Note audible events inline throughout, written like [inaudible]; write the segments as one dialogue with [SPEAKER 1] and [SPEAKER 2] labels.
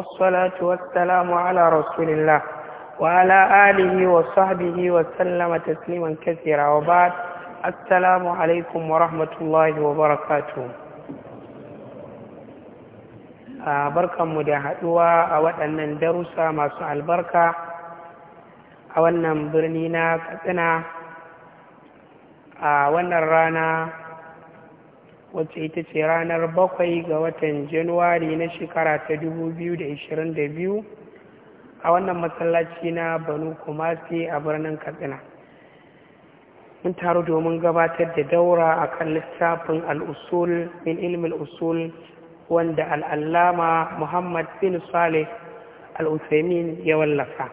[SPEAKER 1] والصلاة والسلام على رسول الله وعلى آله وصحبه وسلم تسليما كثيرا وبعد السلام عليكم ورحمة الله وبركاته barkanmu da haɗuwa a waɗannan darussa masu albarka a wannan birni na katsina a wannan rana wacce ita ce ranar bakwai ga watan januwari na shekara ta 2022 a wannan matsalaci na banu kumasi a birnin katsina mun taru domin gabatar da daura a kan littafin al'usul min ilmin usul wanda al'allama muhammad bin saleh al'usaimin ya wallafa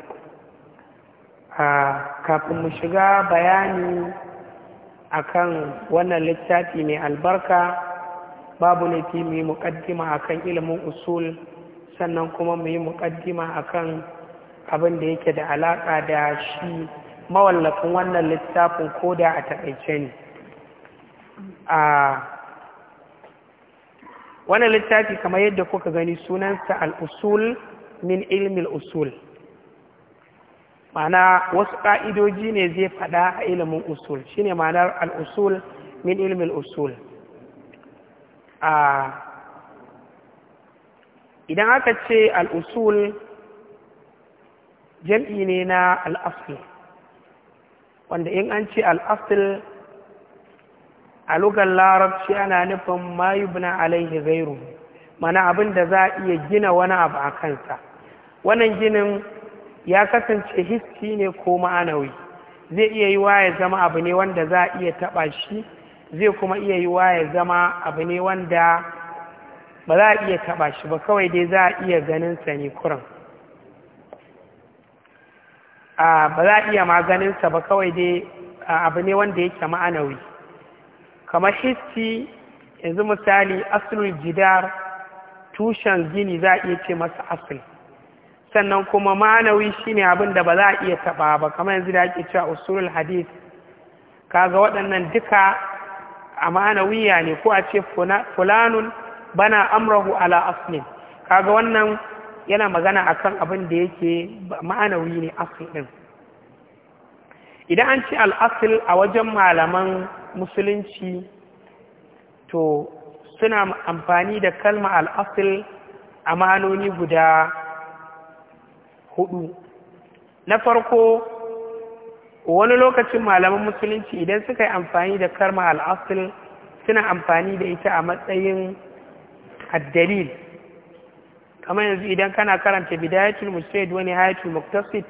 [SPEAKER 1] ah, kafin mu shiga bayani akan wannan littafi mai albarka babu laifi mu yi muƙaddima akan ilimin usul sannan kuma mu yi muƙaddima akan abin da yake da alaƙa da shi mawallafin wannan littafin ko da a taƙaice ne a wannan littafi kamar yadda kuka gani sunansa al usul min ilmi usul. ma'ana wasu ƙa'idoji ne zai faɗa a ilimin usul shine manar al'usul min ilimin usul idan aka ce al'usul jam'i ne na al'asul wanda in an ce al'asul a lugar larabci ana nufin mayubna alaihi zairu mana abin da za a iya gina wani abu a kansa wannan ginin ya kasance hissi ne ko ma'anawi zai iya yi waye zama abu ne wanda za a iya taɓa shi zai kuma iya yi waye zama abu ne wanda ba za a iya taɓa shi ba kawai dai za a iya ganin sa ne kuran ba za a iya sa ba kawai dai abu ne wanda yake ma'anawi kamar hissi yanzu misali asulul jidar tushen gini za a iya ce masa asali. sannan kuma ma'anawi shine abin da ba za a iya taba ba kamar yanzu da ake cewa usulul hadith kaga waɗannan duka a ma'anawiya ne ko a ce fulanun bana amrahu ala aslin kaga wannan yana magana akan abin da yake manawi ne asli idan an ce al'asil a wajen malaman musulunci to suna amfani da kalma al'asil a manoni guda hudu na farko wani lokacin malaman musulunci idan suka yi amfani da karma al'asul suna amfani da ita a matsayin addalil kamar yanzu idan kana karanta bidayatul mustahid wani hayatul muktasid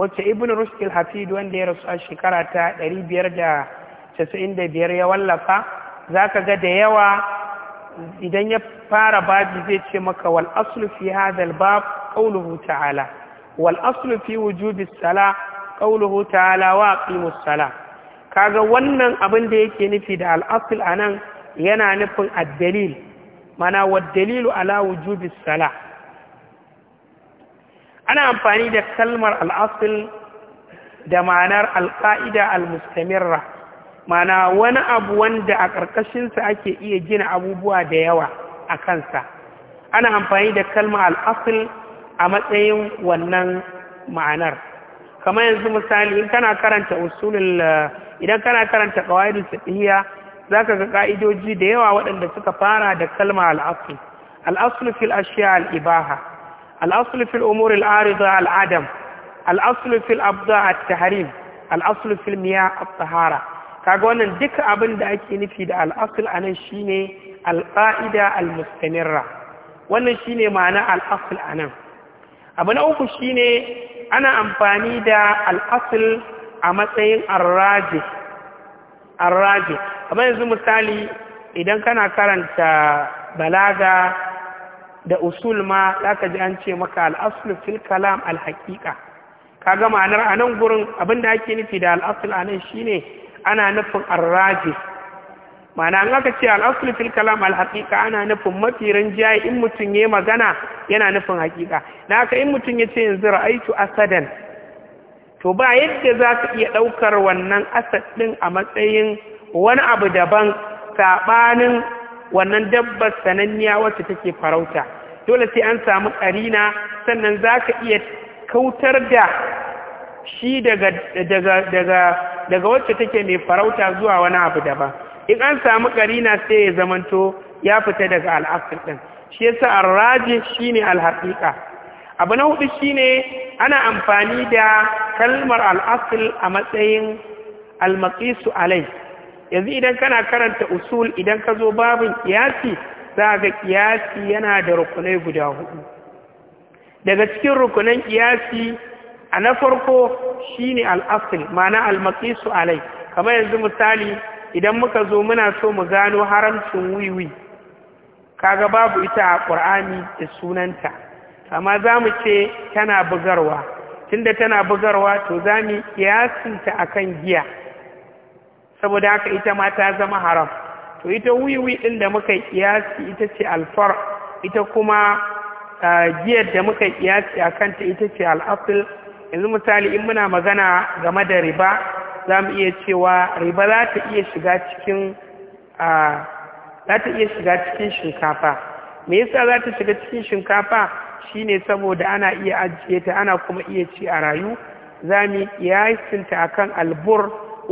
[SPEAKER 1] wacce ibn rushd al-hafid wanda ya rasu a shekara ta 595 ya wallafa zaka ga da yawa idan ya fara babi zai ce maka wal aslu fi hadha al-bab qawluhu ta'ala wal aslu fi wujubi sala qawluhu ta'ala wa kaga wannan abin da yake nufi da al'asul a anan yana nufin ad-dalil mana wa dalilu ala wujubi sala ana amfani da kalmar al da ma'anar al qa'ida al mustamirra mana wani abu wanda a ƙarƙashinsa ake iya gina abubuwa da yawa a kansa ana amfani da kalmar al a matsayin wannan ma'anar kamar yanzu misali in kana karanta usulul idan kana karanta qawaidul fiqhiyya zaka ga ka'idoji da yawa waɗanda suka fara da kalma al-asl al-asl fil ashiya al-ibaha al-asl fil umur al-arida al-adam al fil abda at-tahrim al fil miya at-tahara kaga wannan duka abin da ake nufi da al-asl anan shine al-qa'ida al-mustamirra wannan shine ma'ana al-asl anan abu na uku shi ne ana amfani da al'asul a matsayin arraji A yanzu misali idan kana karanta balaga da usul ma ka ji an ce maka al'asul fil kalam al Ka gama a nan gurin abin da ake nufi da al'asul anan shine ana nufin arraji Mana an aka ce al'asul fil kalam al haqiqa ana nufin mafi ranjiya in mutum yayi magana yana nufin haqiqa na haka in mutum ya ce yanzu ra'aitu asadan to ba yadda za ka iya ɗaukar wannan asad ɗin a matsayin wani abu daban saɓanin wannan dabbar sananniya wacce take farauta dole sai an samu karina sannan za ka iya kautar da shi daga wacce take mai farauta zuwa wani abu daban in an samu karina sai ya zamanto ya fita daga al'asir ɗin shi yasa arraji shine alhaqiqa abu na hudu shine ana amfani da kalmar al'afil a matsayin almaƙisu alai yanzu idan kana karanta usul idan ka zo babin ƙiyasi za ga ƙiyasi yana da rukunai guda hudu daga cikin rukunan ƙiyasi a na farko shine al'asl ma'ana almakisu alai kamar yanzu misali idan muka zo muna so mu gano haramcin wiwi kaga babu ita a ƙur'ani da sunanta amma za mu ce tana bugarwa tunda tana bugarwa to za mu ta a kan giya saboda haka ita ma ta zama haram to ita wiwi ɗin da muka kiyasi ita ce alfar ita kuma giyar da muka kiyasi a kanta ita ce al'afil yanzu misali in muna magana game da riba za mu iya cewa riba za ta iya shiga cikin za ta iya shiga cikin shinkafa me yasa za ta shiga cikin shinkafa shine saboda ana iya ajiye ta ana kuma iya ci a rayu za mu iya a akan albur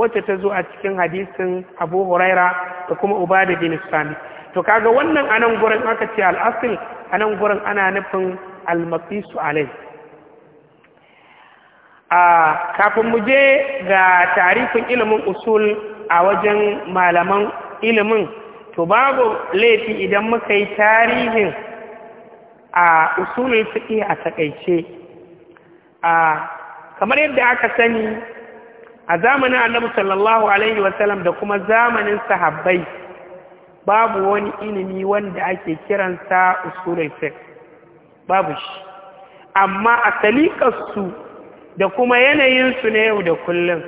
[SPEAKER 1] wacce ta zo a cikin hadisin abu huraira da kuma da bin sami to kaga wannan anan gurin aka ce al'asil anan gurin ana nufin al-maqisu alai a kafin mu je ga tarihin ilimin usul a wajen malaman ilimin to babu laifi idan muka yi tarihin a usulun fiƙi a taƙaice a kamar yadda aka sani a zamanin annabi sallallahu alaihi wasallam da kuma zamanin sahabbai babu wani ilimi wanda ake kiransa usulun fiƙi babu shi amma a salikarsu da kuma yanayinsu na yau da kullum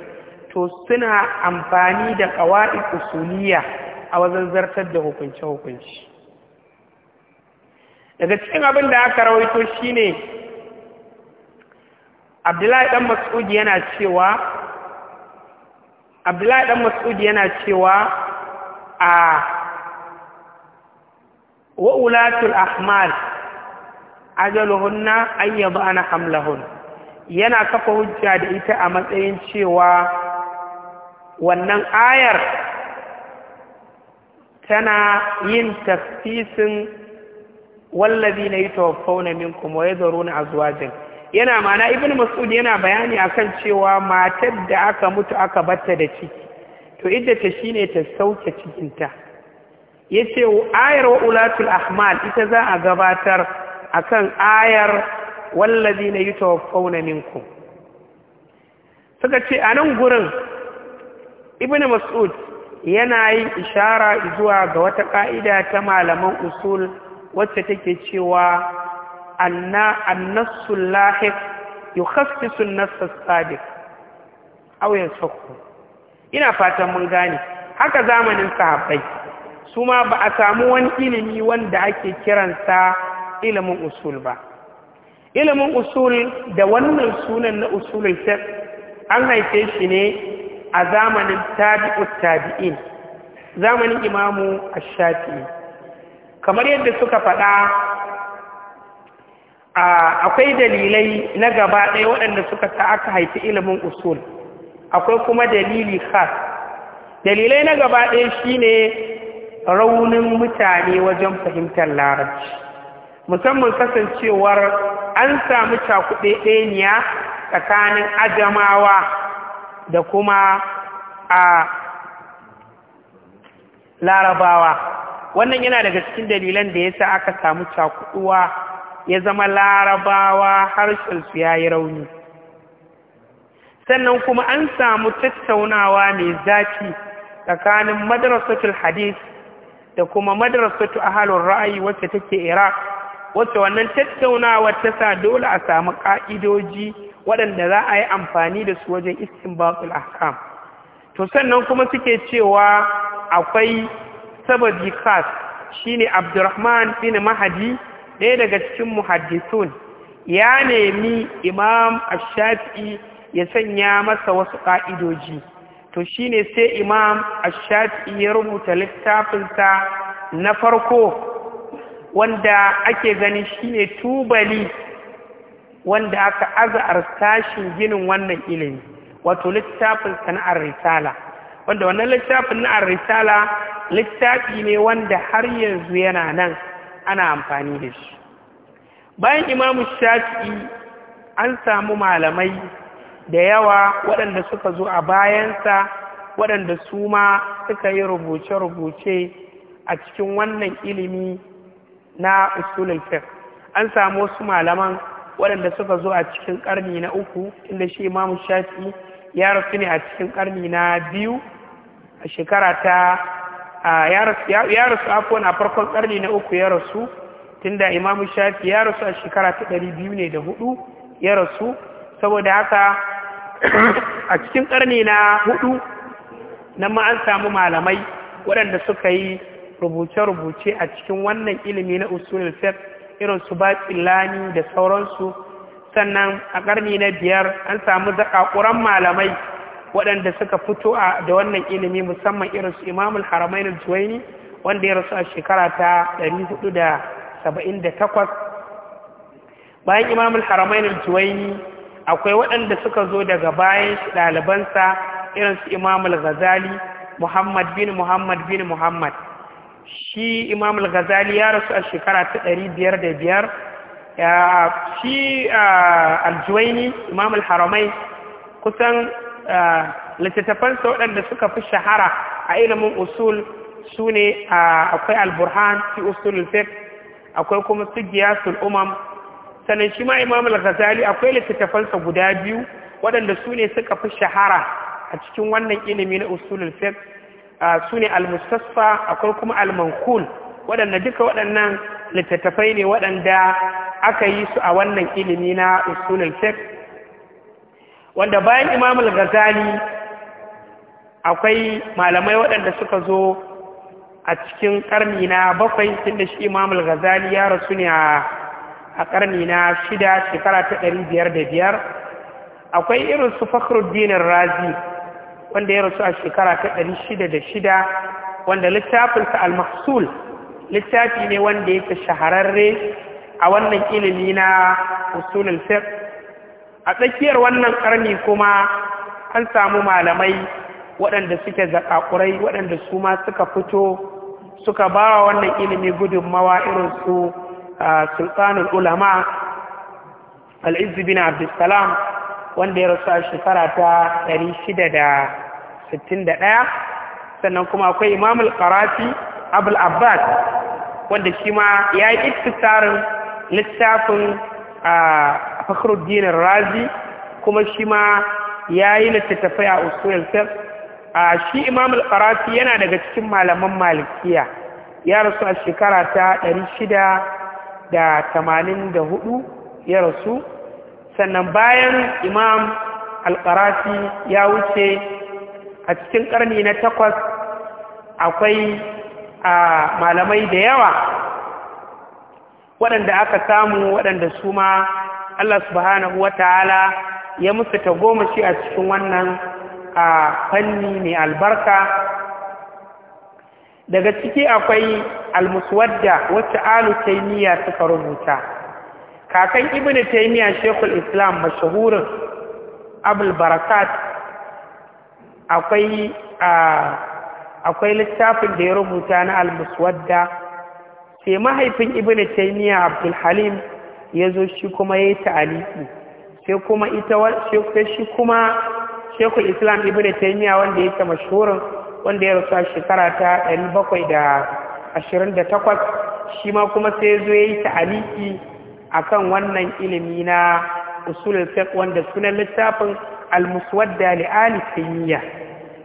[SPEAKER 1] to suna amfani da kawai usuliya a wajen zartar da hukunce-hukunci daga cikin abin da aka rawaito shine abdullahi dan mas'udi yana cewa abdullahi dan mas'udi yana cewa a wa'ulatul ahmal ajaluhunna an ana hamlahunna yana kafa hujja da ita a matsayin cewa wannan ayar tana yin tafsisin wallazi na yi kuma ya zaro na azwajin yana mana ibn mas'ud yana bayani akan cewa matar da aka mutu aka batta da ciki to idda ta shine ta sauke cikinta ya yace ayar wa ulatul ahmal ita za a gabatar akan ayar wallazi na yi tawafauna minku suka ce a nan gurin ibn mas'ud yana yin ishara zuwa ga wata ƙa'ida ta malaman usul wacce take cewa annasul lahif yukhassisun nassas sadiq aw yansakhu ina fatan mun gane haka zamanin sahabai su ma ba a samu wani ilimi wanda ake kiransa ilimin usul ba ilimin usul da wannan sunan na usulun fiqh an haife shi ne a zamanin tabi'ut tabi'in zamanin imamu Ashafi kamar yadda suka faɗa akwai dalilai na gaba ɗaya waɗanda suka sa aka haifi ilimin usul akwai kuma dalili khas dalilai na gaba ɗaya shine raunin mutane wajen fahimtar larabci musamman kasancewar an samu cakuɗeɗeniya tsakanin ajamawa da kuma a larabawa wannan yana daga cikin dalilan da ya sa aka samu cakuɗuwa ya zama larabawa harshensu ya yi rauni sannan kuma an samu tattaunawa mai zafi tsakanin madarasatul hadith da kuma madarasatul ahalun ra'ayi wacce take iraq wacce wannan tattaunawar ta sa dole a samu ƙa'idoji waɗanda za a yi amfani da su wajen iskin baƙul ahkam to sannan kuma suke cewa akwai sababi khas shine Abdurrahman bin Mahadi ɗaya daga cikin muhaddisun ya nemi Imam Ash-Shafi'i ya sanya masa wasu ƙa'idoji to shine sai Imam Ash-Shafi'i ya rubuta littafinsa na farko wanda ake gani shi ne tubali wanda aka aza a tashin ginin wannan ilimi wato littafin sana'ar risala wanda wannan littafin sana'ar risala littafi ne wanda har yanzu yana nan ana amfani da shi bayan imamu shafi'i an samu malamai da yawa waɗanda suka zo a bayansa waɗanda su ma suka yi rubuce-rubuce a cikin wannan ilimi na usulul fiqh an samu wasu malaman waɗanda suka zo a cikin ƙarni na uku inda shi Imam shafi ya rasu ne a cikin ƙarni na biyu a shekara ta ya rasu afon a farkon ƙarni na uku ya rasu tunda Imam shafi ya rasu a shekara ta ɗari biyu ne da hudu ya rasu saboda haka a cikin ƙarni na hudu nan ma an samu malamai waɗanda suka yi rubuce-rubuce a cikin wannan ilimi na usulul fiqh irin su baqilani da sauransu sannan a ƙarni na biyar an samu zakakuran malamai waɗanda suka fito a da wannan ilimi musamman irin su imamul haramain al-juwaini wanda ya rasu a shekara ta 478 bayan imamul haramain al-juwaini akwai waɗanda suka zo daga bayan ɗalibansa irin su imamul ghazali muhammad bin muhammad bin muhammad shi imam al-ghazali ya rasu a shekara ta ɗari biyar da biyar shi aljuwaini imam al-haramai kusan littattafansa waɗanda suka fi shahara a ilimin usul su ne akwai al-burhan fi usul akwai kuma su giyasul umam sannan shi ma imam al-ghazali akwai littattafansa guda biyu waɗanda su ne suka fi shahara a cikin wannan ilimi na usulul fiqh su ne almustasfa akwai kuma almankul waɗanda duka waɗannan littattafai ne waɗanda aka yi su a wannan ilimi na usulul fiqh wanda bayan imam al akwai malamai waɗanda suka zo a cikin ƙarni na bakwai tunda shi imam al ya rasu ne a ƙarni na shida shekara ta ɗari biyar da biyar akwai irin su fakhruddin razi wanda ya rasu a shekara ta ɗari shida da shida wanda littafinsa al-mahsul littafi ne wanda ya ta shahararre a wannan ilimi na usulul fiqh a tsakiyar wannan karni kuma an samu malamai waɗanda suke zakakurai waɗanda su ma suka fito suka ba wa wannan ilimi gudunmawa irin su ah, sultanul ulama al'izzu bin abdussalam wanda ya rasu a shekara ta 661 sannan kuma akwai imamul qarafi abul abbas wanda shi ma ya yi tsarin littafin a fakhruddin razi kuma shi ma ya yi littattafai a usul sir a shi imamul qarafi yana daga cikin malaman malikiya ya rasu a shekara ta 684 ya rasu sannan bayan imam alƙarafi ya wuce a cikin ƙarni na takwas akwai a malamai da yawa waɗanda aka samu waɗanda su ma Allah subhanahu wata'ala ya musu tagomashi a cikin wannan a fanni mai albarka daga ciki akwai da wacce alu taimiyya suka rubuta kakan ibn taymiya shekul islam mashahurin abul barakat akwai akwai littafin da ya rubuta na al-muswadda sai mahaifin ibn taymiya abdul halim ya zo shi kuma ya yi ta'aliki sai kuma ita shi kuma shekul islam ibn taymiya wanda yake mashahurin wanda ya rasu a shekara ta 728 shi ma kuma sai ya zo ya yi ta'aliki akan wannan ilimi na usulul fiqh wanda sunan littafin al-muswadda li ali taymiya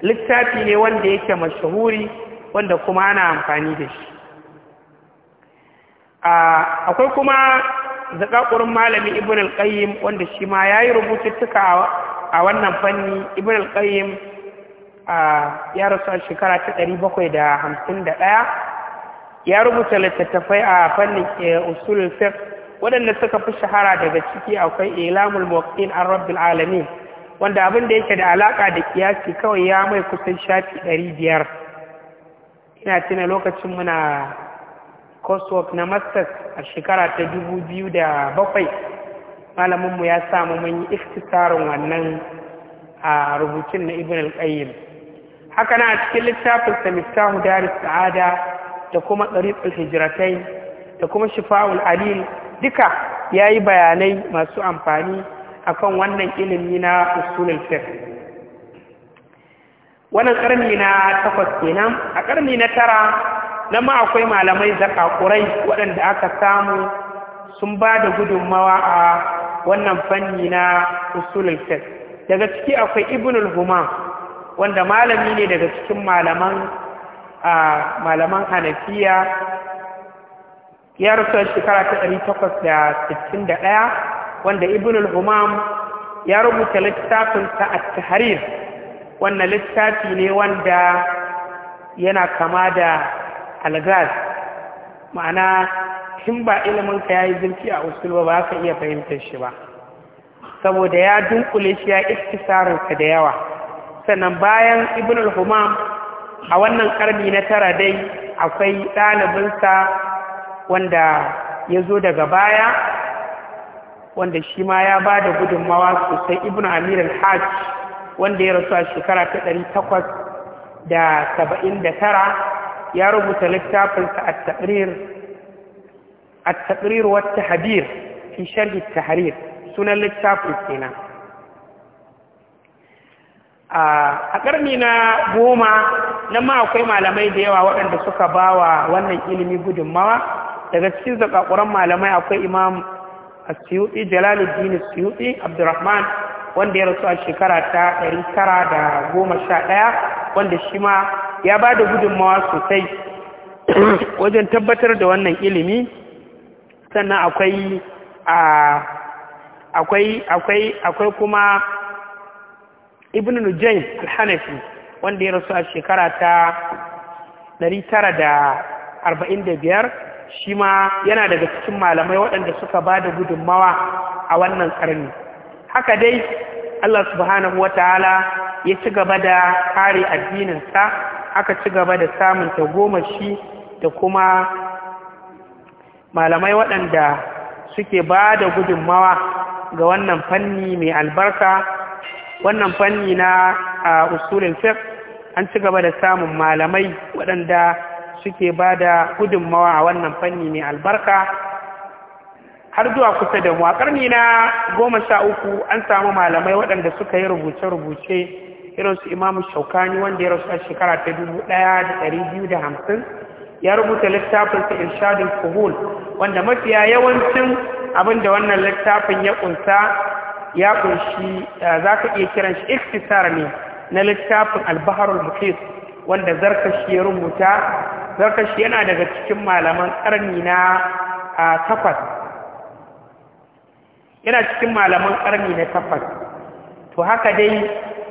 [SPEAKER 1] littafi ne wanda yake mashahuri wanda kuma ana amfani da shi akwai kuma zakakurin malami ibn al-qayyim wanda shi ma yayi rubututtuka a wannan fanni ibn al-qayyim ya rasu a shekara ta 751 ya rubuta littattafai a fannin eh, usulul fiqh waɗanda suka fi shahara daga ciki akwai ilamul mawakin an rabbin alami. wanda abin da yake da alaƙa da kiyasi kawai ya mai kusan shafi ɗari biyar ina tuna lokacin muna coursework na masters a shekara ta dubu biyu da bakwai malaminmu ya samu mun yi iftisarin wannan a rubutun na ibn al haka na cikin littafin sa miftahu daris sa'ada da kuma tsariqul hijratain da kuma shifa'ul alil duka ya yi bayanai masu amfani a kan wannan ilimi na usulun fiqh wannan karni na takwas kenan a karni na tara na ma akwai malamai zakakurai waɗanda aka samu sun ba da gudunmawa a wannan fanni na usulun daga ciki akwai ibnul huma wanda malami ne daga cikin malaman a malaman hanafiya ya rasu a shekara ta ɗari takwas da sittin da ɗaya wanda ibn al-humam ya rubuta littafinsa a tahrir wannan littafi ne wanda yana kama da algaz ma'ana in ba iliminka ya yi zirki a usul ba ka iya fahimtar shi ba saboda ya dunkule shi ya iskisarinsa da yawa sannan bayan ibn al-humam a wannan karni na tara dai akwai ɗalibinsa wanda ya zo daga baya wanda shi ma ya ba da gudunmawa sosai ibn amir al-hajj wanda ya rasu a shekara ta ɗari takwas da saba'in da tara ya rubuta littafinsa a taƙrir wata hadir fi ta tahrir sunan littafin kenan a ƙarni na goma nan ma akwai malamai da yawa waɗanda suka bawa wannan ilimin gudunmawa daga cikin zakakuran malamai akwai imam asiyuti jalaluddin asiyuti abdurrahman wanda ya rasu a shekara ta 911 wanda shi ma ya ba da gudunmawa sosai [clears throat] wajen tabbatar da wannan ilimi sannan akwai akwai akwai akwai kuma ibn nujayn al-hanafi wanda ya rasu a shekara ta biyar. shi ma yana daga cikin malamai waɗanda suka ba da gudunmawa a wannan ƙarni haka dai Allah subhanahu wa ta'ala ya ci gaba da kare addininsa aka ci gaba da samun tagomashi da kuma malamai waɗanda suke ba da gudunmawa ga wannan fanni mai albarka wannan fanni na a usulin fiqh an ci gaba da samun malamai waɗanda suke ba da gudunmawa a wannan fanni mai albarka har zuwa kusa da mu a ƙarni na goma sha uku an samu malamai waɗanda suka yi rubuce-rubuce irin su imamu shaukani wanda ya rasu a shekara ta dubu ɗaya da ɗari biyu da hamsin ya rubuta littafinsa irshadin kuhul wanda mafiya yawancin abin da wannan littafin ya ƙunsa ya ƙunshi eh, za ka iya kiran shi iktisar ne na littafin albaharul muhit wanda zarkashi ya rubuta zarkashi yana daga cikin malaman ƙarni na takwas yana cikin malaman ƙarni na takwas to haka dai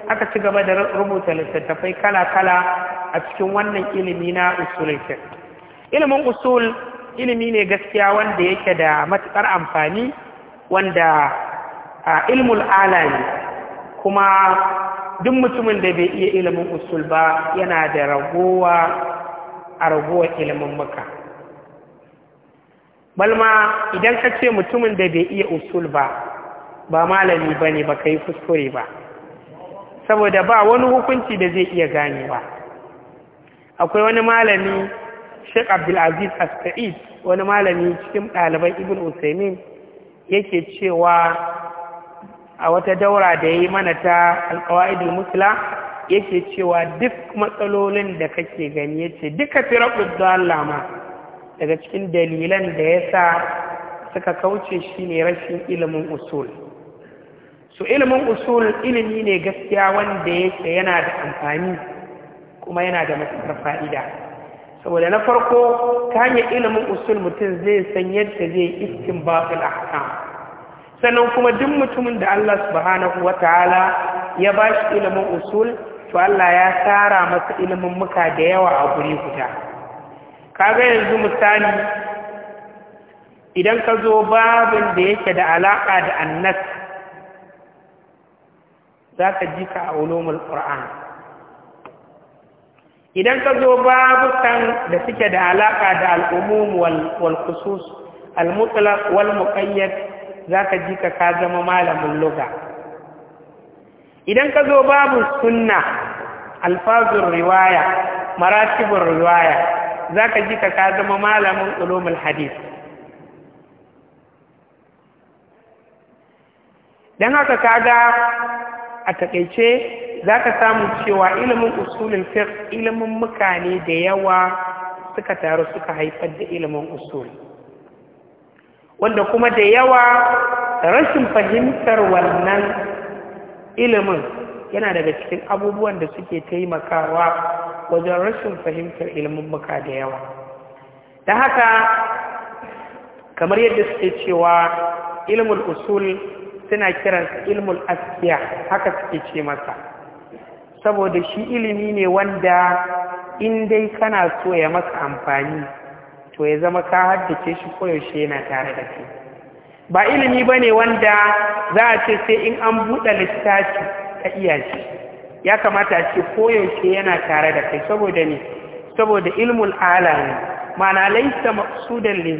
[SPEAKER 1] aka ci gaba da rubuta littattafai kala-kala a cikin wannan ilimi na usulun ilimin usul ilimi ne gaskiya wanda yake da matuƙar amfani wanda a ilmul ala ne kuma duk mutumin da bai iya ilimin usul ba yana da ragowa a ragowar ilimin maka balma idan ka ce mutumin da bai iya usul ba ba malami ba ne ba ka yi kuskure ba saboda ba wani hukunci da zai iya ba. akwai wani malami sheik abdulaziz as-sa'id wani malami cikin ɗaliban ibn usaimin yake cewa a wata daura da ya yi mana ta alkawa'idul musula yake cewa duk matsalolin da kake gani yace duka firakud da ma daga cikin dalilan da yasa suka kauce shi ne rashin ilimin usul su ilimin usul ilimi ne gaskiya wanda yake yana da amfani kuma yana da matuƙar fa'ida saboda na farko ta hanyar ilimin usul mutum zai san yadda zai iskin batul ahkam sannan kuma duk mutumin da Allah subhanahu wataala ya bashi ilimin usul to Allah ya tara masa ilimin muka da yawa a guri guda kaga yanzu misali idan ka zo babin da yake da alaƙa da annas za ka ji ka a ulumul qur'an idan ka zo babukan da suke da alaƙa da al'umum wal khusus al mutlaq wal muqayyad za ka ji ka ka zama malamin lugha idan ka zo babu sunna alfazun riwaya maratibin riwaya za ka ji ka ka zama malamin ulumul hadith don haka ka ga a takaice za ka samu cewa ilimin usulun fiqh ilimin mukane da yawa suka taru suka haifar da ilimin usul wanda kuma da yawa rashin fahimtar wannan ilimin yana daga cikin abubuwan da suke taimakawa wajen rashin fahimtar ilimin muka da yawa da haka kamar yadda suke cewa ilmul usul suna kiransa ilmul askiya haka suke ce masa saboda shi ilimi ne wanda in dai kana so ya maka amfani to ya zama ka haddace shi koyaushe yana tare da kai ba ilimi ba ne wanda za a ce sai in an buɗe littafi ta iya ya kamata a ce koyaushe yana tare da kai saboda ne saboda ilmul alami mana laisa maqsudan li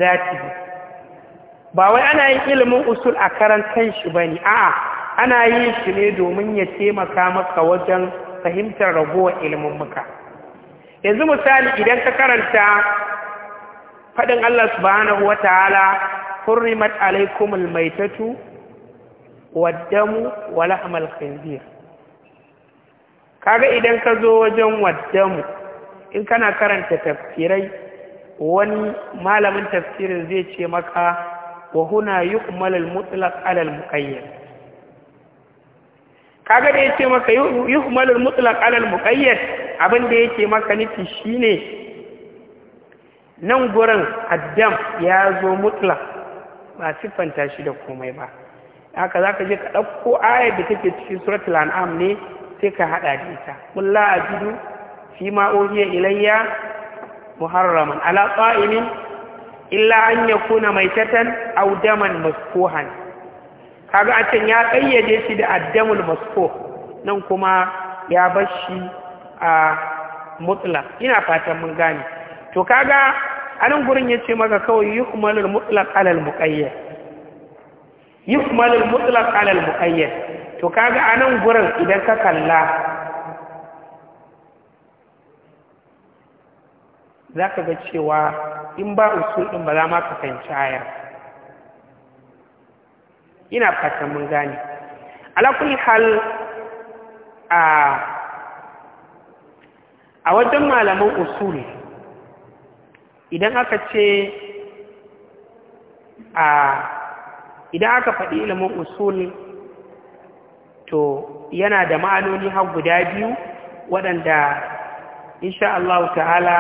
[SPEAKER 1] ba wai ana yin ilimin usul a karan shi bane a'a ana yin shi ne domin ya taimaka maka wajen fahimtar ragowar ilimin muka yanzu misali idan ka karanta faɗin Allah subhanahu wataala hurrimat alaikumul maitatu waddamu wa lahmal kaga idan ka zo wajen waddamu in kana karanta tafsirai wani malamin tafsirin zai ce maka wa huna yuqmal al mutlaq ala al muqayyad kaga da yace maka yuqmal al mutlaq ala al muqayyad abin da yake maka nufi shine nan gurin addam ya zo mutlaq ba siffanta shi da komai ba haka za ka je ka ɗauko ayar da take cikin surat an'am ne sai ka haɗa da ita qul la ajidu fi ma uhiya ilayya muharraman ala qa'imin illa an yakuna maitatan aw daman Ka kaga a can ya kayyade shi da addamul masko nan kuma ya bar shi a mutla ina fatan mun gane to kaga a nan gurin ya ce maka kawai yi kumalar mutlak alal muƙayyar yi kumalar mutlak alal muƙayyar to kaga a nan gurin idan ka kalla za ka ga cewa in ba usul ɗin ba za ma ka fahimci aya ina fatan mun gane alakulli hal a a wajen malaman usuli idan aka ce a idan aka faɗi ilimin usul to yana da ma'anoni har guda biyu waɗanda insha Allah ta'ala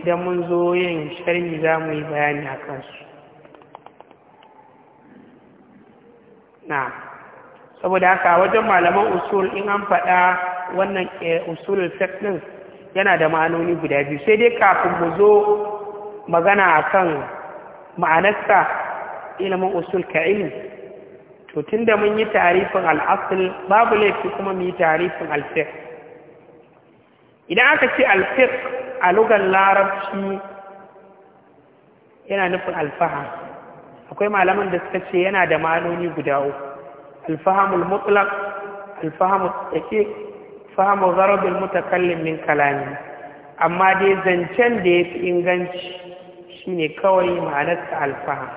[SPEAKER 1] idan mun zo yin shirin za mu yi bayani a kansu na saboda haka wajen malaman usul in an faɗa wannan eh, usulul fiqh yana da ma'anoni guda biyu sai dai kafin mu zo magana a kan ma'anarsa ilimin usul ka ilmi to tunda mun yi tarifin al'asul babu laifi kuma mu yi tarifin alfek. idan aka ce alfek a lugar larabci yana nufin alfaha akwai malaman da suka ce yana da ma'anoni guda uku alfahamul mutlak alfahamul fahimu zarabin mutakallin min kalami amma dai zancen da ya fi inganci shi ne kawai ma'anarsa alfaha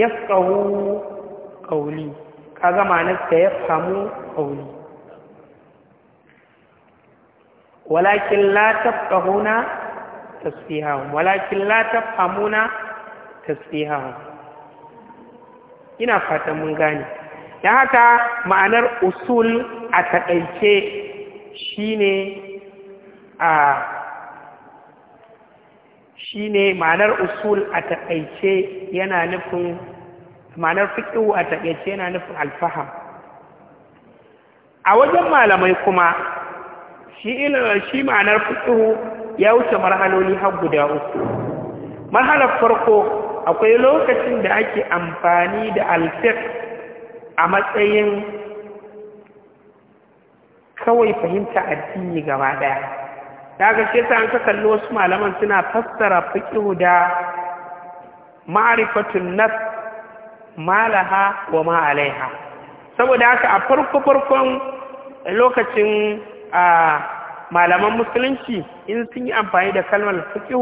[SPEAKER 1] ya fahu ka kaga ma'anarsa ya samu kauli walakin la ta tasbihahum walakin la ta tasbihahum ina fatan mun gane da haka ma'anar usul a taƙaice shine a ne ma'anar usul a taƙaice yana nufin ma'anar fiƙiwu a taƙaice yana nufin alfaham a wajen malamai kuma shi ma'anar fiƙiwu ya wuce marhaloli har guda uku marhalar farko akwai lokacin da ake amfani da alfiƙ a matsayin kawai fahimta addini gaba ɗaya daga shi ta an ka kalli wasu malaman suna fassara fiƙi da ma'arifatun nas malaha wa ma'alaiha saboda haka a farko-farkon lokacin malaman musulunci in sun yi amfani da kalmar fiƙi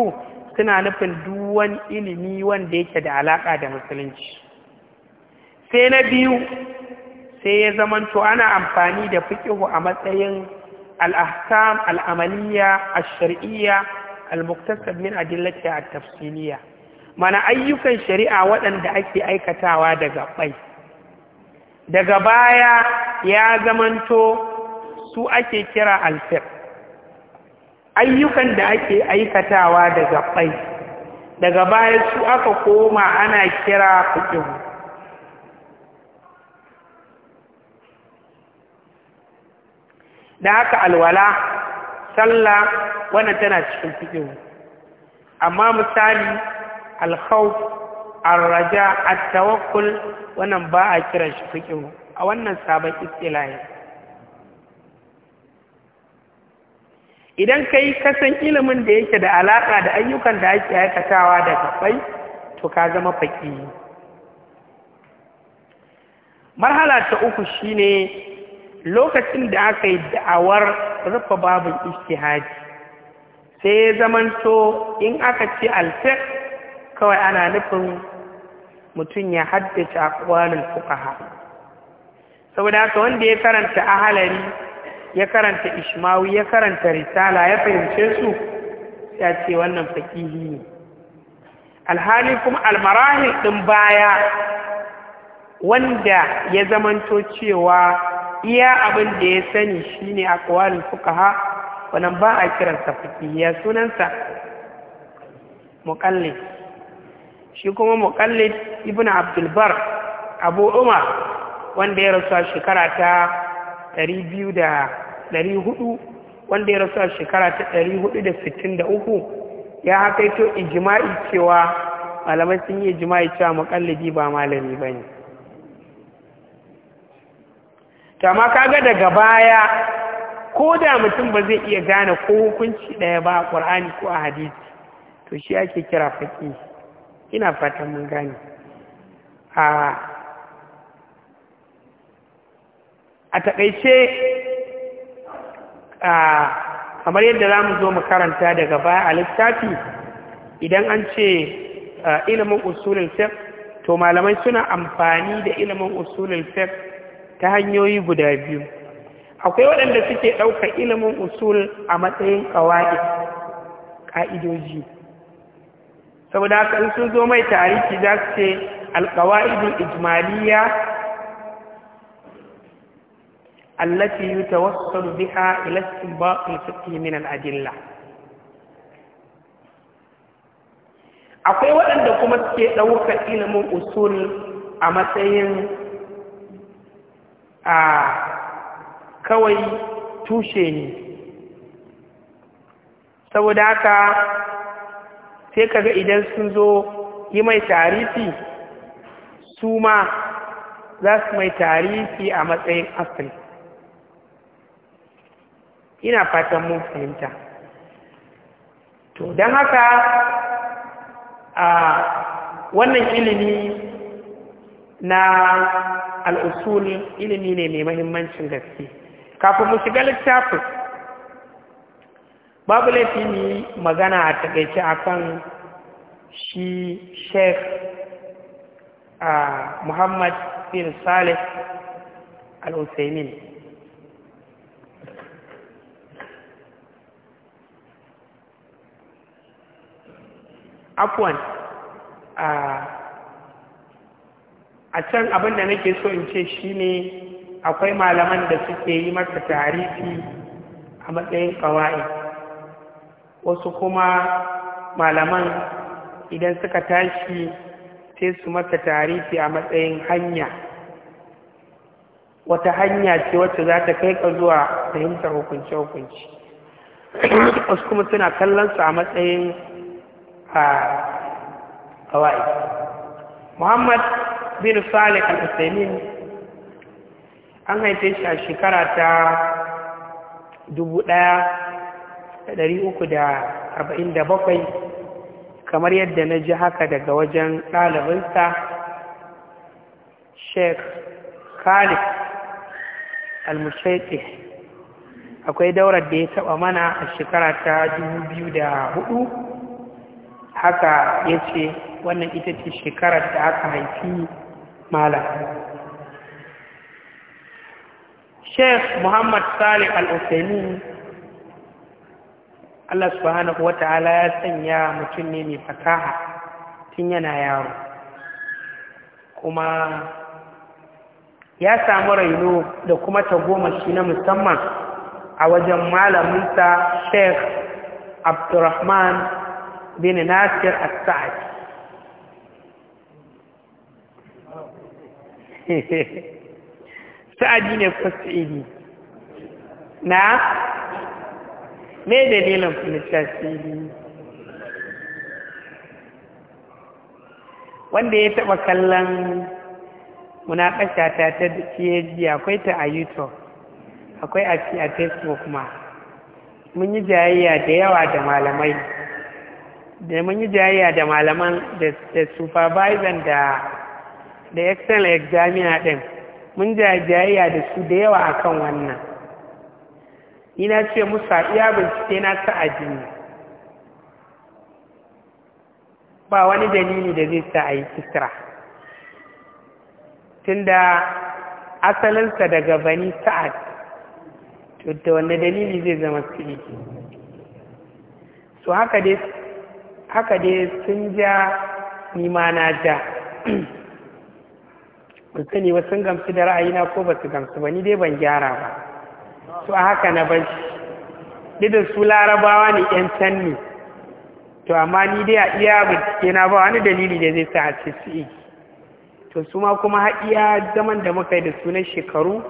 [SPEAKER 1] suna nufin duwan ilimi wanda yake da alaƙa da musulunci sai na biyu sai ya zamanto ana amfani da fiƙihu a matsayin al'ahkam al'amaliya a shariiyya al-muktasab min adillati a tafsiliya mana ayyukan shari'a waɗanda ake aikatawa daga ɓai daga baya ya zamanto su ake kira alfir ayyukan da ake aikatawa daga ɓai daga baya su aka koma ana kira fiƙihu da haka alwala sallah wannan tana cikin fiƙihu amma misali alkhawf arraja attawakul wannan ba a kiran shi fiƙihu a wannan sabon istilahi idan kai kasan ilimin da yake da alaƙa da ayyukan da ake aikatawa da kafai to ka zama faƙi marhala ta uku shine lokacin da aka yi da'awar rufe babin istihadi sai ya zamanto in aka ce alfek, kawai ana nufin mutum ya haddace aqwalul fukaha saboda haka wanda ya karanta ahalari ya karanta ishmawi ya karanta risala ya fahimce su ya ce wannan fakihi ne alhali kuma almarahil ɗin baya wanda ya zamanto cewa iya abin da ya sani shi ne shine suka ha wannan ba a kiransa fiqhiya sunansa muqallid shi kuma muqallid Ibn Abdulbar abu umar wanda ya rasu a shekara ta 200 wanda ya rasu a shekara ta 463 ya ito ijma'i cewa malamai sun yi ijma'i cewa muqallidi ba malami ba ne. to amma kaga daga baya ko da mutum ba zai iya gane ko hukunci ɗaya ba a ƙur'ani ko a hadisi to shi ake kira faƙi ina fatan mun gane a taƙaice a kamar yadda za mu zo mu karanta daga baya a littafi idan an ce ilimin usulin fiqh to malamai suna amfani da ilimin usulin fiqh ta hanyoyi guda biyu akwai waɗanda suke ɗaukar ilimin usul a matsayin ƙawa'i ƙa'idoji saboda haka in sun zo mai tariki za su ce alƙawa'idun ijmaliya allati yutawassalu biha ila su fiqh min al-adilla akwai waɗanda kuma suke ɗaukar ilimin usul a matsayin a kawai tushe ne saboda haka sai kaga idan sun zo yi mai tarihi, su ma za su mai tarihi a matsayin asali ina fatan mun fahimta to don haka a wannan ilimi na al'usul ilimi ne mai mahimmancin gaske kafin mu shiga littafin babu laifi ne magana a taƙaice akan shi sheikh muhammad bin salih al'usaimin afwan a a can abin da nake so in ce shine akwai malaman da suke yi masa tarihi a matsayin kawai wasu kuma malaman idan suka tashi sai su masa tarihi a matsayin hanya wata hanya ce wacce za ta kai ka zuwa fahimtar hukunce-hukunce [clears throat] wasu kuma suna kallon su a matsayin a kawai muhammad bin salih al an haife shi a shekara ta bakwai, kamar yadda na ji haka daga wajen ɗalibinsa sheikh khalid al-mushaiti akwai daurar da ya taɓa mana a shekara ta 2004 haka ya ce wannan ita ce shekarar da aka haifi malam sheikh muhammad salih al-usaini allah subhanahu ala ya sanya mutum ne mai fasaha tun yana yaro kuma ya samu raino da kuma tagomashi na musamman a wajen malaminsa sheikh Abdulrahman bin nasir al-sa'adi [laughs] sa'adi ne ko sa'idi na me dalilin ku na sa'idi wanda ya taba kallon munakasha ta ta PhD akwai ta a YouTube akwai a a Facebook ma mun yi jayayya da yawa da malamai da mun yi jayayya da malaman da supervisor da da external examiner ɗin mun jajayya da su da yawa akan wannan ina ce musa iya bincike na ta ajini ba wani dalili da zai sa a yi tun tunda asalinsa daga bani sa'ad to da wanda dalili zai zama siriki so haka dai sun ja nima na ja ban sani ba sun gamsu da ra'ayina ko ba su gamsu ba ni dai ban gyara ba Su a haka na ban shi da su larabawa ne yan can ne to amma ni dai a iya bincike na ba wani dalili da zai sa a ce su to su ma kuma har iya zaman da muka yi da su na shekaru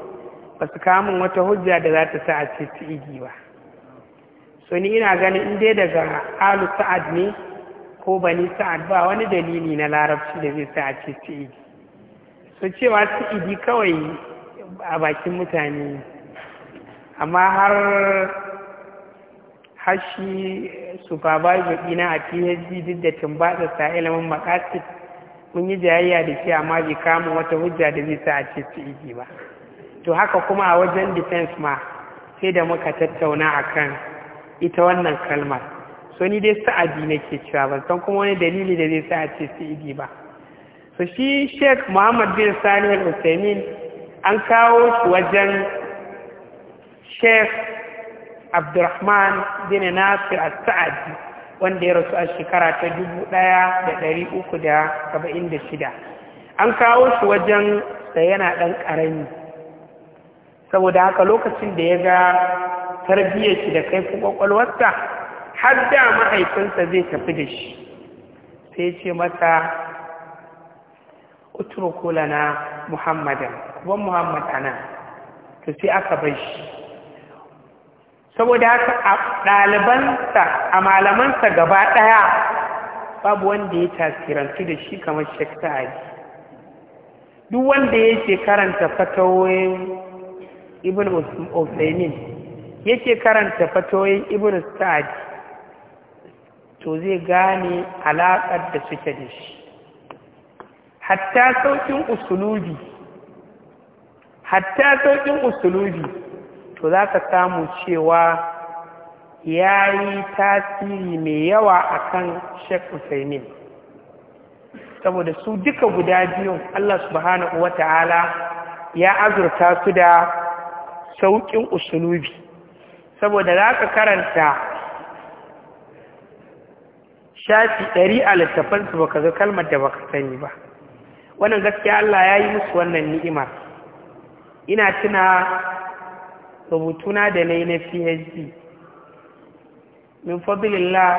[SPEAKER 1] ba su kawo min wata hujja da za ta sa a ce su igi ba so ni ina ganin in dai daga alu sa'ad ne ko bani sa'ad ba wani dalili na larabci da zai sa a ce su igi so cewa su idi kawai a bakin mutane amma har hashi supervisor dina a phd duk da tumbatsa sa ilimin makasit mun yi jayayya da shi amma bai kama wata hujja da zai sa a ce su idi ba to haka kuma a wajen defense ma sai da muka tattauna akan ita wannan kalmar so ni dai sa'adi nake cewa ban san kuma wani dalili da zai sa a ce su idi ba su shi sheikh muhammad bin sani al-usaimin an kawo shi wajen sheikh abdurrahman bin nasir al-sa'adi wanda ya rasu a shekara ta dubu da da uku shida an kawo shi wajen da yana ɗan ƙarami saboda haka lokacin da ya ga tarbiyyar shi da kaifin ƙwaƙwalwarsa har da mahaifinsa zai tafi da shi sai ce mata utruku lana muhammadan kuma muhammad ana to sai aka bar shi saboda haka a ɗalibansa a malamansa gaba ɗaya babu wanda ya tasirantu da shi kamar shek sa'adi duk wanda ya ce karanta fatawoyin ibn usaimin ce karanta fatawoyin ibn sa'adi to zai gane alaƙar da suke da shi hatta saukin usuluji hatta saukin usulubi to za ka samu cewa ya yi tasiri mai yawa a kan shek usaimin saboda su duka guda biyun allah subhanahu wa ta'ala ya azurta su da saukin usuluji saboda za ka karanta shafi ɗari a littafansu ka zo kalmar da ba ka sani ba wannan gaskiya Allah ya yi musu wannan ni'imar ina tuna rubutuna da na yi na phd min fadlillah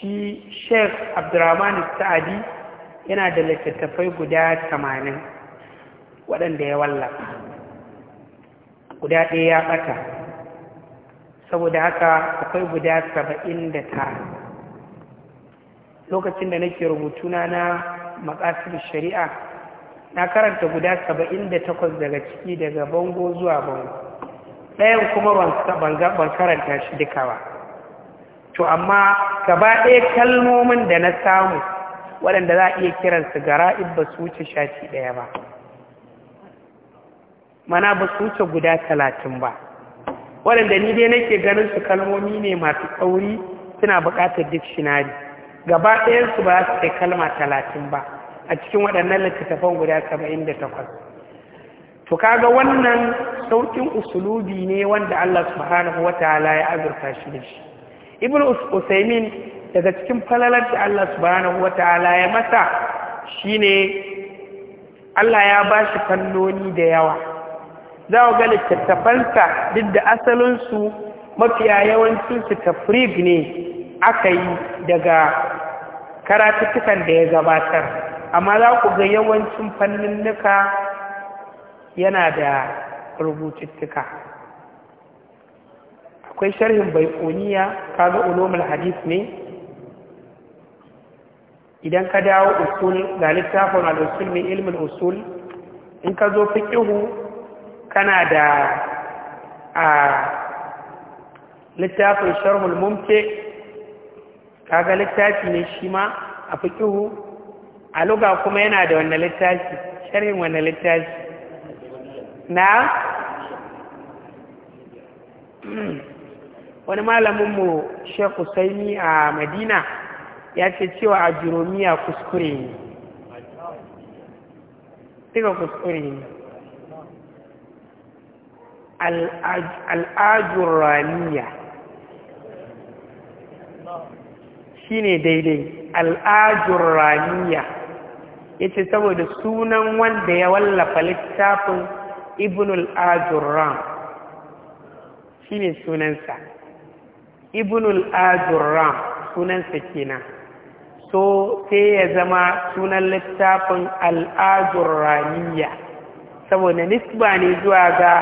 [SPEAKER 1] shi sheikh Abdulrahman sa'adi yana da littattafai guda tamanin waɗanda ya wallafa guda ɗaya ya ɓata saboda haka akwai guda saba'in da tara lokacin da nake rubutuna na maƙasir shari'a na karanta guda saba'in da takwas daga ciki daga bango zuwa bango ɗayan kuma ban karanta shi duka ba to amma gaba ɗaya kalmomin da na samu waɗanda za a iya kiransu in ba su wuce shafi ɗaya ba mana ba su wuce guda talatin ba waɗanda ni dai nake ganin su kalmomi ne masu tsauri suna buƙatar shinari gaba ɗayansu ba za su kai kalma talatin ba a cikin waɗannan littattafan guda saba'in da takwas to kaga wannan sauƙin usulubi ne wanda Allah subhanahu wa ta'ala ya azurta shi da shi ibn usaimin daga cikin falalar da Allah subhanahu wa ta'ala ya masa shine Allah ya ba shi fannoni da yawa za ga littattafansa duk da asalinsu mafiya yawancinsu tafrig ne aka yi daga karatuttukan da ya gabatar amma za ku ga yawancin fanninnuka yana da rubututtuka akwai sharhin baikoniya ga ulomar hadith ne idan ka dawo usul ga littafin al'usul mai ilmin usul in ka zo fiƙihu kana da a littafin sharhul mumke kaga littafi ne shi ma a fikihu a luga kuma yana da wannan littafi sharhin wannan littafi na wani malaminmu shekhu saini a madina ya ce cewa a jiromiya kuskure ne duka kuskure ne al'ajuraniya Shi ne daidai al’ajin raniya yace saboda sunan wanda ya wallafa littafin ibn ran shi ne sunansa ibn al’ajin ran sunansa kenan so sai ya zama sunan littafin raniya saboda nisba ne zuwa ga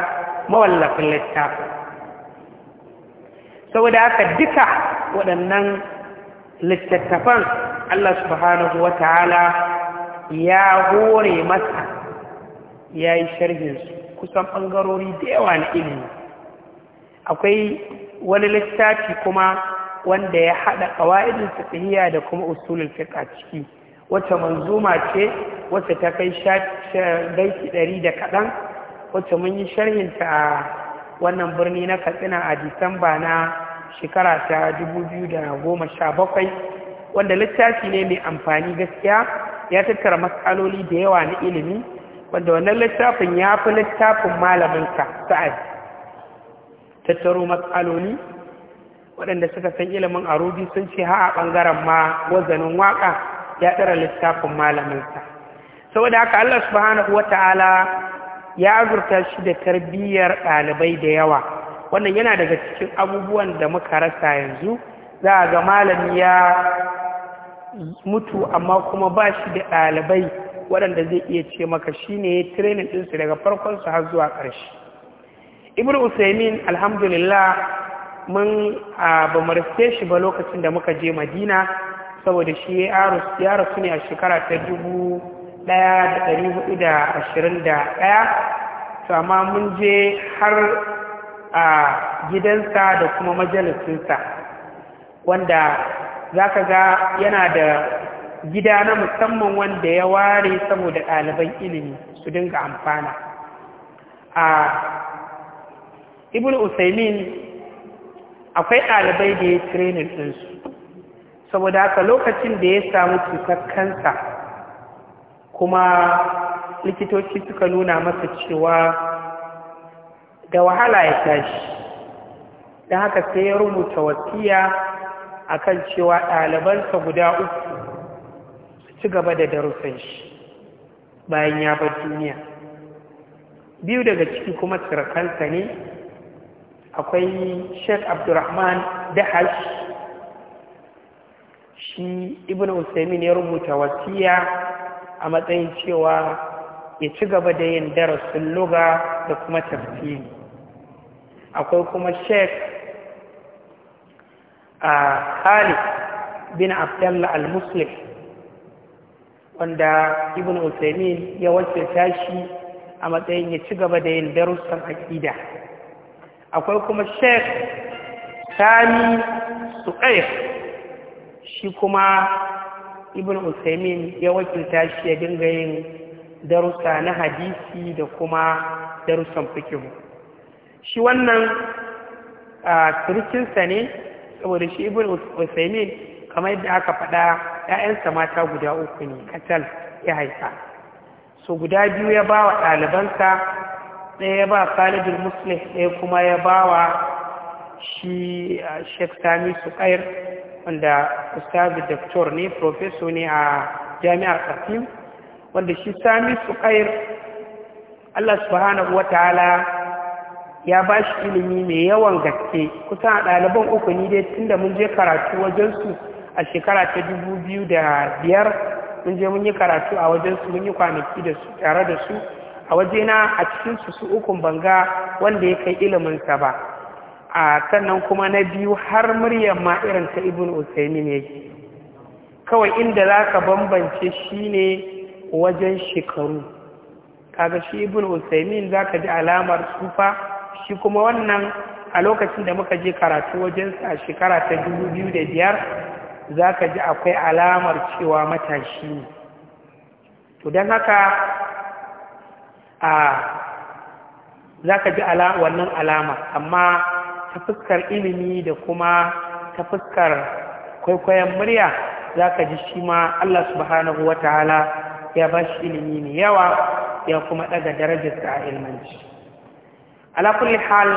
[SPEAKER 1] mawallafin littafin saboda haka duka waɗannan littattafan Allah subhanahu wa ta'ala ya hore masa ya yi sharhinsu kusan ɓangarori da yawa na ilimi akwai wani littafi kuma wanda ya haɗa ƙawa'idin tafiya da kuma usulun fiƙa ciki wacce manzuma ce wacce ta kai baiti ɗari da kaɗan wacce mun yi sharhinta a wannan birni na katsina a disamba na shekara ta da goma sha bakwai. wanda littafi ne mai amfani gaskiya ya tattara matsaloli da yawa na ilimi wanda wannan littafin ya fi littafin malaminka sa'ad tattaro matsaloli waɗanda suka san ilimin rubi sun ce ha a ɓangaren ma wazanin waƙa ya tsara littafin malaminsa saboda haka allah subhanahu wa ta'ala ya azurta shi da tarbiyyar ɗalibai da yawa wannan yana daga cikin abubuwan da muka rasa yanzu za a ga malami ya mutu amma kuma ba shi da ɗalibai waɗanda zai iya ce maka shi ne ya tirenin ɗinsu daga farkonsu har zuwa ƙarshe ibn usaimin alhamdulillah mun ba mu shi ba lokacin da muka je madina saboda shi ya rasu ne a shekara ta dubu ɗaya da ɗari hudu da ashirin da ɗaya to amma mun je har a gidansa da kuma majalisinsa wanda za ka ga yana da gida na musamman wanda ya ware saboda ɗaliban ilimi su dinga amfana a ibn usaimin akwai ɗalibai da ya trenin ɗinsu saboda haka lokacin da ya samu cutar kansa kuma likitoci suka nuna masa cewa da wahala ya tashi da haka sai ya rubuta wasiya akan cewa ɗalibansa guda uku ci gaba da darussan shi bayan ya bar duniya biyu daga ciki kuma sirkansa ne akwai sheikh abdurrahman dahash shi ibn usaimin ya rubuta wasiya a matsayin cewa ya ci gaba da yin darasin luga da kuma tafsiri akwai kuma sheik a khalid bin abdullah al-muslim wanda ibn usaimin ya wace tashi a matsayin ya ci gaba da yin darussan aƙida akwai kuma sheik sami su shi kuma ibn usaimin ya wakilta tashi ya dinga yin darussa na hadisi da kuma darussan fikihu shi wannan a sirkinsa ne saboda shi ibn usaimin kamar yadda aka faɗa ‘ya'yansa mata guda uku ne katal ya haifa so guda biyu ya ba wa ɗalibansa ɗaya ya ba khalidul muslim ɗaya kuma ya ba wa shi sheikh sami sukair wanda ustazi doktor ne profeso ne a jami'ar ƙasim wanda shi sami sukair allah subhanahu wa ta'ala ya ba shi ilimi mai yawan gaske kusan a ɗaliban uku ni dai tun da mun je karatu wajensu a shekara ta dubu biyu da biyar mun je mun yi karatu a wajensu mun yi kwanaki da su tare da su a wajena a cikinsu su ukun banga wanda ya kai iliminsa ba a sannan kuma na biyu har muryar ma irin ta ibn usaimin yake kawai inda za ka bambance shi ne wajen shekaru kaga shi ibn usaimin za ka ji alamar tsufa shi kuma wannan a lokacin da muka je karatu wajensa a shekara ta dubu biyu da biyar za ka ji akwai alamar cewa matashi ne to don haka a za ka ji wannan alama amma ta fuskar ilimi da kuma ta fuskar kwaikwayon murya za ka ji shi ma Allah subhanahu wa ta'ala ya ba shi ilimi mai yawa ya kuma ɗaga darajarsa a ilmanci ala kulli hal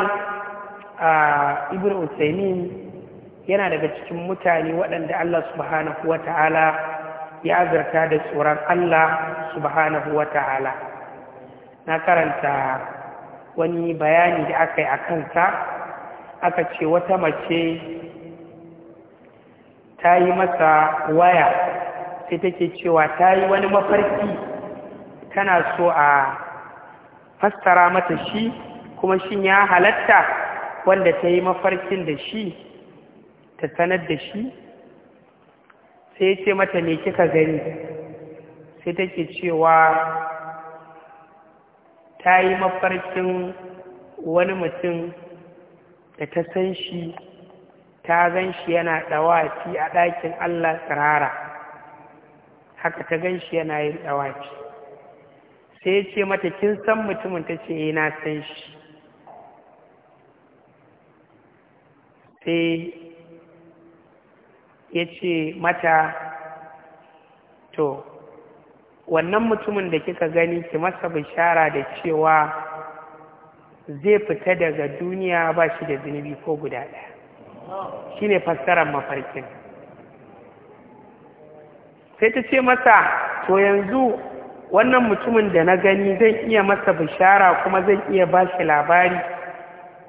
[SPEAKER 1] ibn usaimin yana daga cikin mutane waɗanda allah subhanahu wa ta'ala ya azarta da tsoron allah subhanahu wa ta'ala na karanta wani bayani da aka yi a kansa aka ce wata mace ta yi masa waya sai take cewa ta yi wani mafarki tana so a fassara mata shi kuma shin ya halatta wanda ta yi mafarkin da shi ta sanar da shi sai ya ce mata ne kika gani sai take cewa ta yi mafarkin wani mutum da ta san shi ta gan shi yana dawaci a ɗakin Allah tsirara haka ta gan shi yana yin ɗawaci sai ya ce mata kin san mutumin ta ce yi eh, na san shi sai ya ce mata to wannan mutumin da kika gani ki masa bishara da cewa zai fita daga duniya ba shi da zunubi ko guda ɗaya shi ne fassarar mafarkin sai ta ce masa to yanzu wannan mutumin da na gani zan iya masa bishara kuma zan iya ba shi labari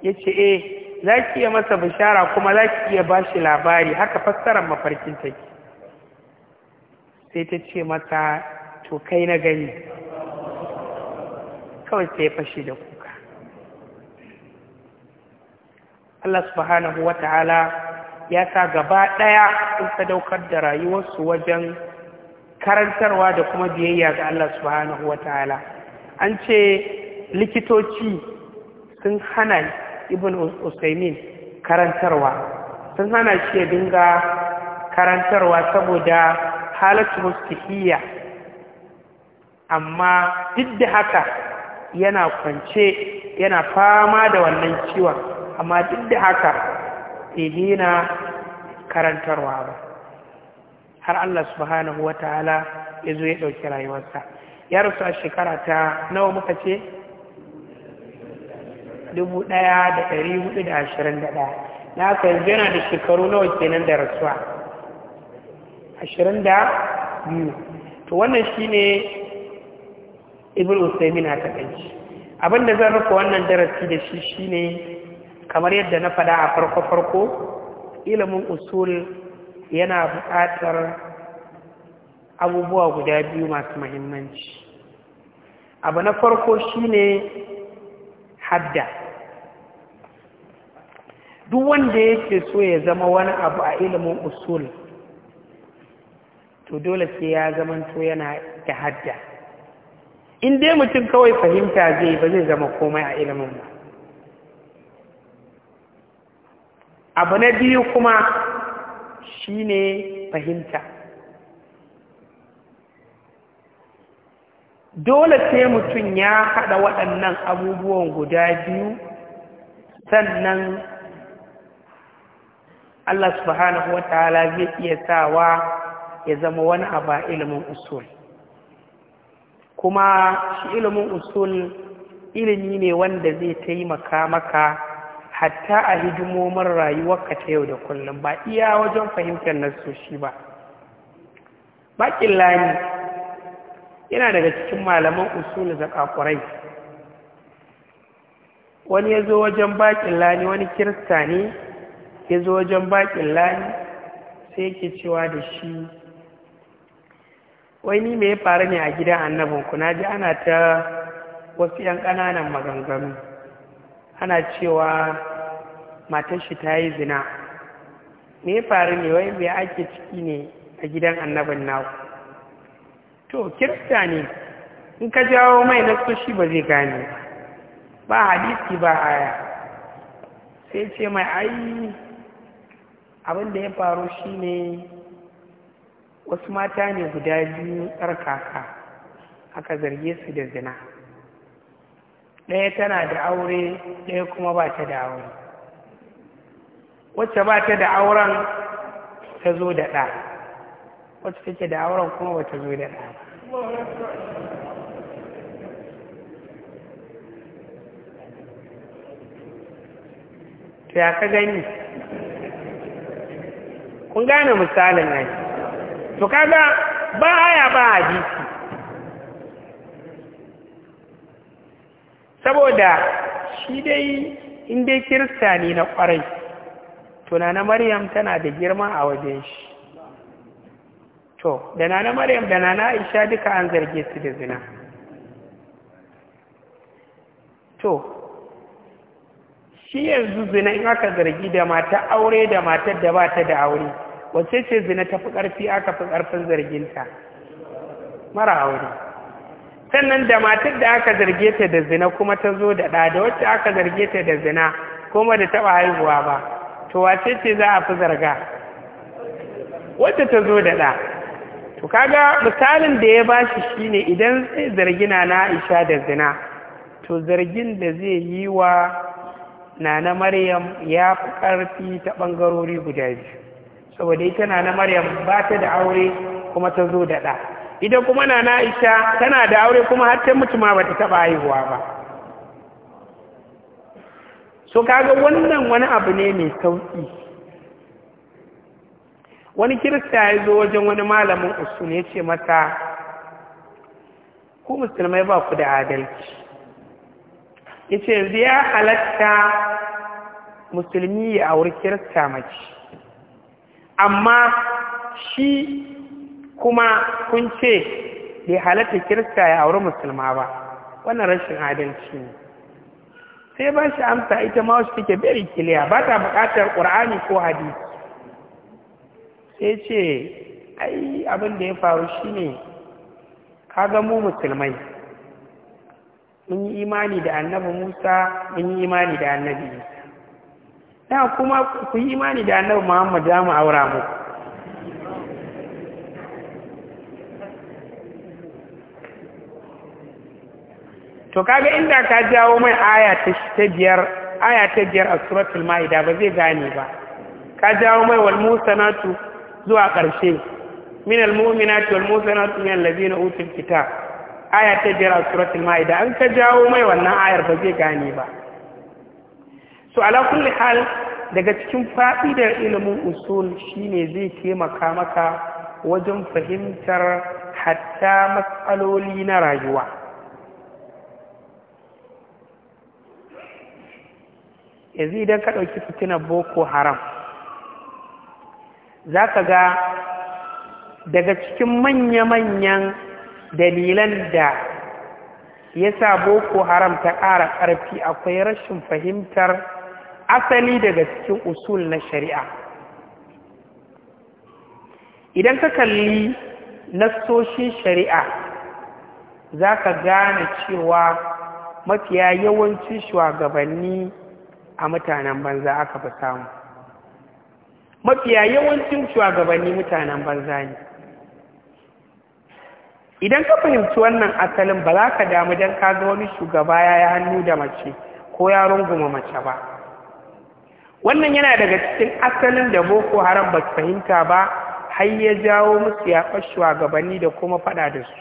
[SPEAKER 1] ya ce eh za ki iya masa bishara kuma za ki iya ba shi labari haka fassarar mafarkin take sai ta ce mata to kai na gani kawai sai ya fashe da kuka Allah subhanahu wa ta'ala ya sa gaba ɗaya ka sadaukar da rayuwarsu wajen karantarwa da kuma biyayya ga Allah subhanahu wa ta'ala an ce likitoci sun hana ibn usaimin karantarwa sun hana shi ya dinga karantarwa saboda halatu mustahiyya amma duk da haka yana kwance yana fama da wannan ciwon amma duk da haka ihina karantarwa ba har Allah subhanahu wa ta'ala ya zo ya ɗauki rayuwarsa ya rasu a shekara ta nawa muka ce 1421 na aka yanzu yana da shekaru nawa kenan da rasuwa 22 to wannan shine ibn usaimin a takaici abinda zan rufe wannan darasi da shi shine kamar yadda na faɗa a farko-farko ilimin usul yana buƙatar abubuwa guda biyu masu mahimmanci abu na farko shine hadda duk wanda yake so ya zama wani abu a ilimin usul to dole sai ya zamanto yana da hadda in dai mutum kawai fahimta zai ba zai zama komai a ilimin ba abu na biyu kuma shi ne fahimta dole sai mutum ya haɗa waɗannan abubuwan guda biyu sannan Allah subhanahu wa ta'ala zai iya sawa ya zama wani aba ilimin usul kuma shi ilimin usul ilimi ne wanda zai taimaka maka hatta a hidimomin rayuwarka ta yau da kullum ba iya wajen fahimtar nasoshi ba baƙin lani yana daga cikin malaman usul zakakurai wani ya zo wajen baƙin lani wani kirista ne ya zo wajen bakin layi sai yake cewa da shi wai ni me ya faru ne a gidan annabinku na ji ana ta wasu 'yan ƙananan maganganu ana cewa matashi shi ta yi zina me ya faru ne wai mai ake ciki ne a gidan annabin naku to kirista ne in ka jawo mai nasoshi ba zai gane ba hadisi ba aya sai ce mai ayi. abin da ya faru shine wasu mata ne guda biyu tsarkaka aka zarge su da zina ɗaya tana da aure ɗaya kuma ba ta da aure wacce ba ta da auren ta zo da ɗa wacce take da auren kuma ba ta zo da ɗa ta ya ka gani kun gane misalin ai to kaga ba aya ba hadisi saboda shi dai in dai kirista ne na kwarai Nana maryam tana da girma a wajen shi to da nana maryam da nana aisha duka an zarge su da zina to shi yanzu zina in aka zargi da mata aure da matar da ba ta da aure wacce ce zina ta fi ƙarfi aka fi ƙarfin zarginta mara aure sannan da matar da aka zarge ta da zina kuma ta zo da ɗa da wacce aka zarge ta da zina kuma da taɓa haihuwa ba to wace ce za a fi zarga wacce ta zo da ɗa to kaga misalin da ya bashi shine idan zai zargina na Aisha da zina to zargin da zai yi wa na na maryam ya fi ta bangarori guda biyu saboda ita na na maryam ba ta da aure kuma ta zo da ɗa ita kuma na na isha tana da aure kuma har ta mutu ma ba ta taɓa haihuwa ba so kaga wannan wani abu ne mai sauƙi wani kirista ya zo wajen wani malamin usul ya ce masa ku musulmai ba ku da adalci yace ce yanzu ya halatta musulmi ya auri kirista mace amma shi kuma kun ce bai halatta kirista ya auri musulma ba wannan rashin adalci ne sai ba shi amsa ita ma wasu take beri kiliya ba ta buƙatar ƙur'ani ko hadisi sai ce ai abin da ya faru shi shine ga mu musulmai mun yi imani da annabi Musa mun yi imani da annabi Isa na kuma ku yi imani da annabi Muhammad za mu aura mu to kaga inda ka jawo mai aya ta biyar aya ta biyar a suratul ma'ida ba zai gane ba ka jawo mai wal musanatu zuwa ƙarshe min al mu'minatu wal musanatu min allazina utul kitab aya ta biyar a suratul ma'ida an ka jawo mai wannan ayar ba zai gane ba so ala kulli hal daga cikin fa'idar ilimin usul shine zai taimaka maka wajen fahimtar hatta matsaloli na rayuwa yanzu idan ka ɗauki fitinar boko haram za ka ga daga cikin manya-manyan dalilan da ya sa boko haram ta ƙara ƙarfi akwai rashin fahimtar asali daga cikin usul na shari'a idan ka kalli nassoshin shari'a za ka gane cewa mafiya yawancin shugabanni a mutanen banza aka fi samu mafiya yawancin shugabanni mutanen banza ne idan ka fahimci wannan asalin ba za ka damu don ka ga wani shugaba ya yi hannu da mace ko ya runguma mace ba wannan yana daga cikin asalin da boko haram ba su fahimta ba har ya jawo musu ya fashewa shugabanni da kuma faɗa da su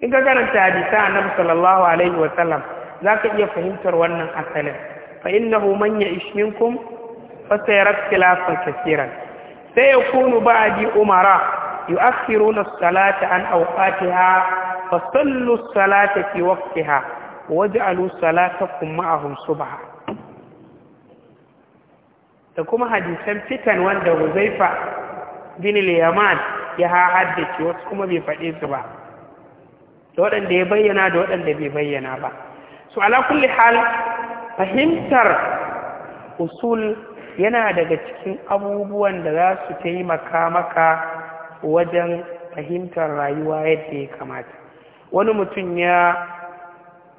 [SPEAKER 1] in ka karanta hadisa annabi sallallahu alaihi wa za ka iya fahimtar wannan asalin fa innahu man ya'ish fa fasayara khilafan kaseeran sayakunu ba'di umara yu'akhiruna as-salata an awqatiha fasallu as-salata fi waqtiha waj'alu salatakum ma'ahum subha da kuma hadisan fitan wanda Huzaifa bin al ya haddace wasu kuma bai faɗe ba da waɗanda ya bayyana da waɗanda bai bayyana ba su ala kulli hal fahimtar usul yana daga cikin abubuwan da za su taimaka maka wajen fahimtar rayuwa yadda ya kamata wani mutum ya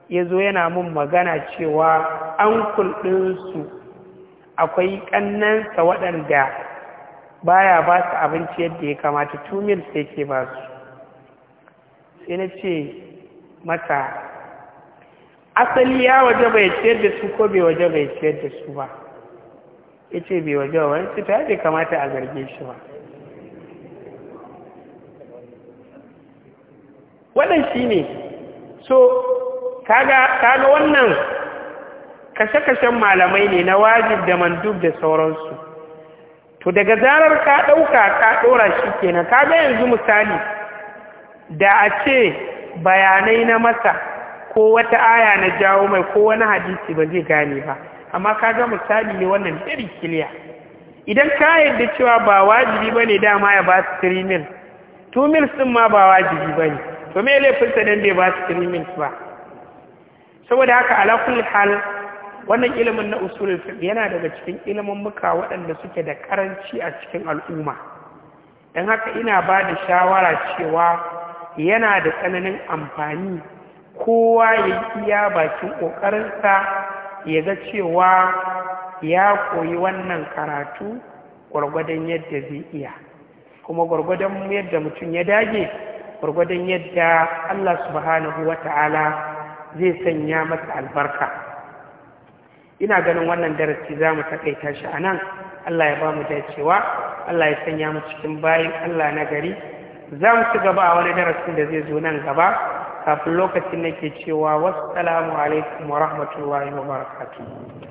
[SPEAKER 1] ya zo yana mun magana cewa an kulɗinsu akwai ƙannansa waɗanda baya ba su abinci yadda ya kamata tumil sai ke ba su sai na ce mata asali ya waje bai ciyar da su ko bai waje bai ciyar da su ba ya ce bai waje ba wani ta bai kamata a zarge shi ba wannan ne so kaga wannan kashe-kashen malamai ne na wajib da mandub da sauransu to daga zarar ka ɗauka ka ɗora shi kenan kaga yanzu misali da a ce bayanai na masa ko wata aya na jawo mai ko wani hadisi ba zai gane ba amma kaga misali ne wannan very kiliya idan ka yadda cewa ba wajibi bane dama ya ba su 3 mil 2 mil sun ma ba wajibi bane to me laifin sa dan bai ba su ilimin ba saboda haka ala kulli hal wannan ilimin na usul fiqh yana daga cikin ilimin muka waɗanda suke da karanci a cikin al'umma dan haka ina ba da shawara cewa yana da tsananin amfani kowa ya iya bakin ƙoƙarinsa ya ga cewa ya koyi wannan karatu gwargwadon yadda zai iya kuma gwargwadon yadda mutum ya dage gwargwadon yadda Allah subhanahu wa ta'ala zai sanya masa albarka ina ganin wannan darasi za mu taƙaita shi a nan Allah ya ba mu dacewa Allah ya sanya mu cikin bayan Allah na gari za mu ci gaba a wani darasin da zai zo nan gaba kafin lokacin nake cewa wasu alaikum wa rahmatullahi wa barakatu